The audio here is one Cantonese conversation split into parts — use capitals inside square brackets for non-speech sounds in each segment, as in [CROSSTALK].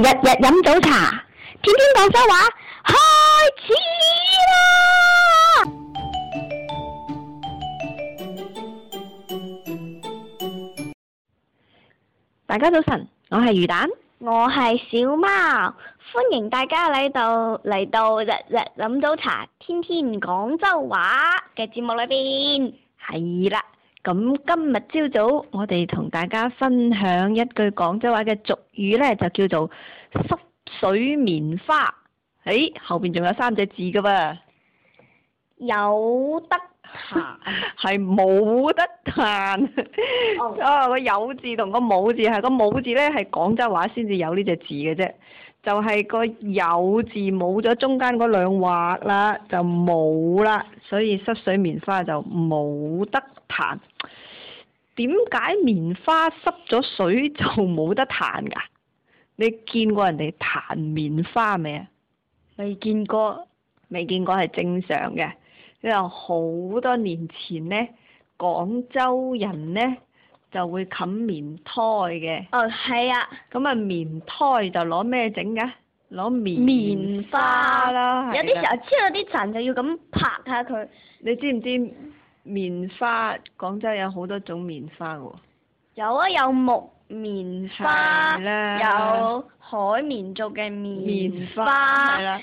日日飲早茶，天天廣州話，開始啦！大家早晨，我係魚蛋，我係小貓，歡迎大家嚟到嚟到日日飲早茶、天天廣州話嘅節目裏邊。係啦。咁今日朝早，我哋同大家分享一句廣州話嘅俗語咧，就叫做濕水棉花。誒、哎，後邊仲有三隻字嘅噃，有得彈係冇得彈。 [LAUGHS] oh. [LAUGHS] 啊，個有字同個冇字係、嗰個冇字咧，係廣州話先至有呢隻字嘅啫。就係個有字冇咗中間嗰兩畫啦，就冇啦，所以濕水棉花就冇得彈。點解棉花濕咗水就冇得彈㗎？你見過人哋彈棉花未啊？未見過，未見過係正常嘅。因為好多年前呢，廣州人呢。就會冚棉胎嘅。哦，係啊。咁花啊，棉胎就攞咩整嘅？攞棉。棉花啦。有啲時候黐咗啲塵，就要咁拍下佢。你知唔知棉花？廣州有好多種棉花喎。有啊，有木棉花，啊、有海綿族嘅棉花。咁啊，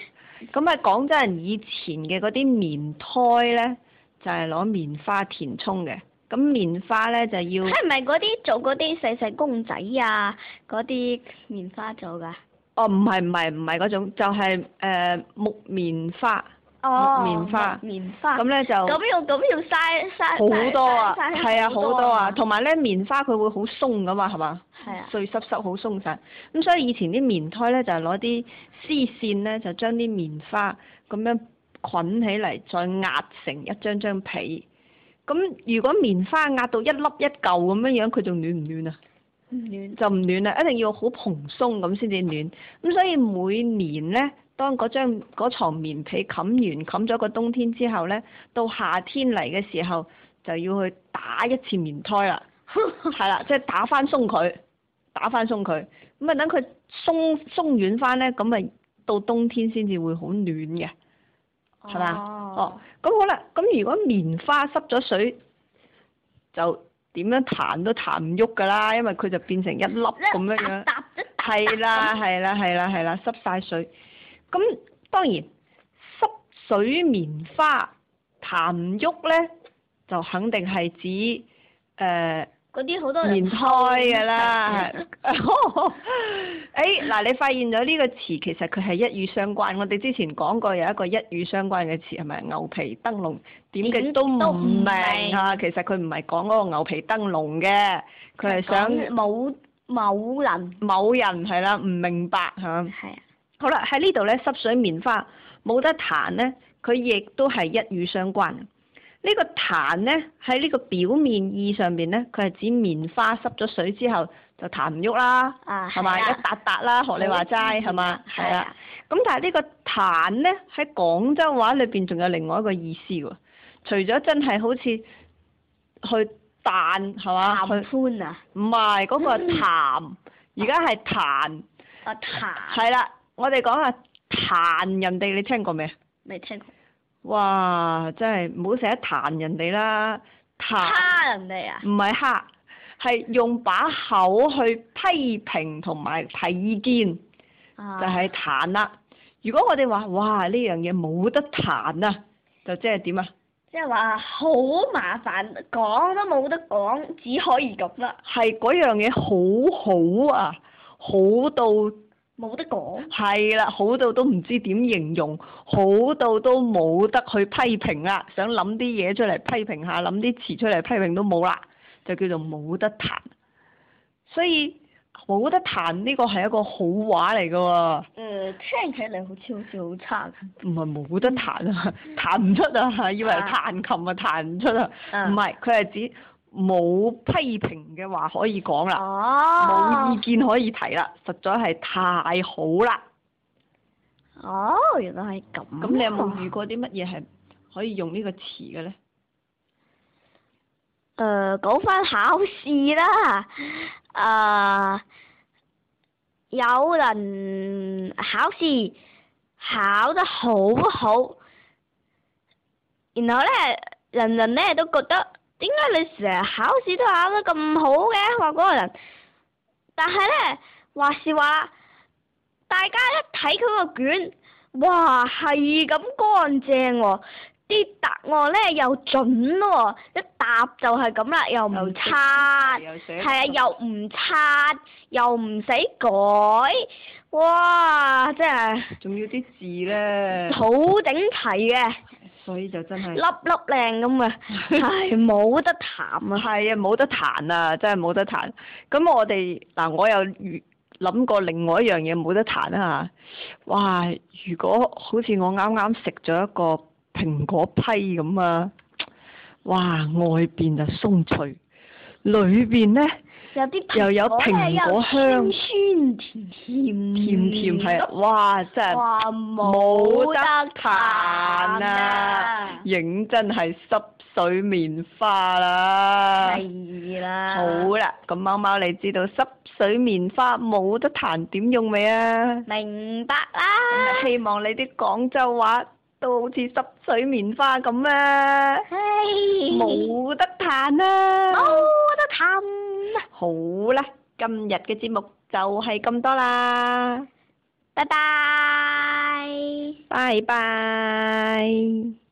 [LAUGHS] 啊廣州人以前嘅嗰啲棉胎咧，就係、係、攞棉花填充嘅。咁棉花咧就要，係咪嗰啲做嗰啲細細公仔啊？嗰啲棉花做噶？哦，唔係唔係唔係嗰種，就係誒木棉花，木棉花，哦、棉花。咁咧就，咁要咁要嘥嘥好多啊！係啊，好多啊！同埋咧，棉花佢會好鬆噶嘛，係嘛？係啊。碎濕濕好鬆散，咁所以以前啲棉胎咧就係攞啲絲線咧，就將啲棉花咁樣捆起嚟，再壓成一張張被。咁如果棉花壓到一粒一嚿咁樣樣，佢仲暖唔暖啊？唔暖就唔暖啦，一定要好蓬鬆咁先至暖。咁所以每年咧，當嗰張床棉被冚完冚咗個冬天之後咧，到夏天嚟嘅時候就要去打一次棉胎啦，係啦， [LAUGHS] 即係打翻鬆佢，打翻鬆佢。咁啊，等佢鬆鬆軟翻咧，咁咪到冬天先至會好暖嘅。係嘛？啊、哦，咁好啦。咁如果棉花濕咗水，就點樣彈都彈唔喐㗎啦，因為佢就變成一粒咁樣樣，係啦，係啦，係啦，係啦，濕晒水。咁當然濕水棉花彈唔喐咧，就肯定係指誒。呃啲好多年胎㗎啦！誒嗱、 [LAUGHS] [LAUGHS] 哎，你發現咗呢個詞其實佢係一語相關。我哋之前講過有一個一語相關嘅詞係咪？牛皮燈籠點嘅都唔明啊！其實佢唔係講嗰個牛皮燈籠嘅，佢係想冇某人，某人係啦，唔明白係嘛？係啊！的好啦，喺呢度咧，濕水棉花冇得彈咧，佢亦都係一語相關。個呢個彈咧喺呢個表面意義上邊咧，佢係指棉花濕咗水之後就彈唔喐啦，係嘛？一笪笪啦，學你話齋係嘛？係啊。咁但係呢個彈咧喺廣州話裏邊仲有另外一個意思喎，除咗真係好似去彈係嘛，唔係嗰個彈，而家係彈。啊彈。係啦痰、 [LAUGHS] 啊，我哋講下彈人哋，你聽過未啊？未聽過。哇！真係唔好成日彈人哋啦，彈蝦人哋啊？唔係蝦，係用把口去批評同埋提意見，啊、就係彈啦。如果我哋話哇呢樣嘢冇得彈啊，就即係點啊？即係話好麻煩，講都冇得講，只可以咁啦。係嗰樣嘢好好啊，好到～冇得講。係啦，好到都唔知點形容，好到都冇得去批評啦，想諗啲嘢出嚟批評下，諗啲詞出嚟批評都冇啦，就叫做冇得彈。所以冇得彈呢個係一個好話嚟㗎喎。嗯，聽起嚟好似好似好差。唔係冇得彈啊，彈唔出啊，以為彈琴啊彈唔出啊，唔係佢係指。冇批評嘅話可以講啦，冇、oh. 意見可以提啦，實在係太好啦。哦，oh, 原來係咁，啊。咁你有冇遇過啲乜嘢係可以用呢個詞嘅咧？誒，講翻考試啦，誒、uh，有人考試考得好好，然後咧，人人咧都覺得。點解你成日考試都考得咁好嘅？話嗰個人。但係咧，話是話，大家一睇佢個卷，哇，係咁乾淨喎，啲答案咧又準咯、哦，一答就係咁啦，又唔擦，係啊是，又唔擦，又唔使改，哇，真係，仲要啲字咧，好整齊嘅。所以就真係粒粒靚咁啊，係冇、 [LAUGHS] 哎、得彈啊，係啊，冇得彈啊，真係冇得彈。咁我哋嗱，我又諗過另外一樣嘢冇得彈啊，哇！如果好似我啱啱食咗一個蘋果批咁啊，哇，外邊就鬆脆，裏邊咧～有啲又有蘋果香，酸，酸甜甜甜甜係，哇真係冇得彈啦，認真係濕水棉花啦，係啦，好啦，咁貓貓你知道濕水棉花冇得彈點用未啊？明白啦，希望你啲廣州話都好似濕水棉花咁啊，冇得彈啦，冇得彈。好啦，今日嘅節目就係咁多啦，拜拜，拜拜。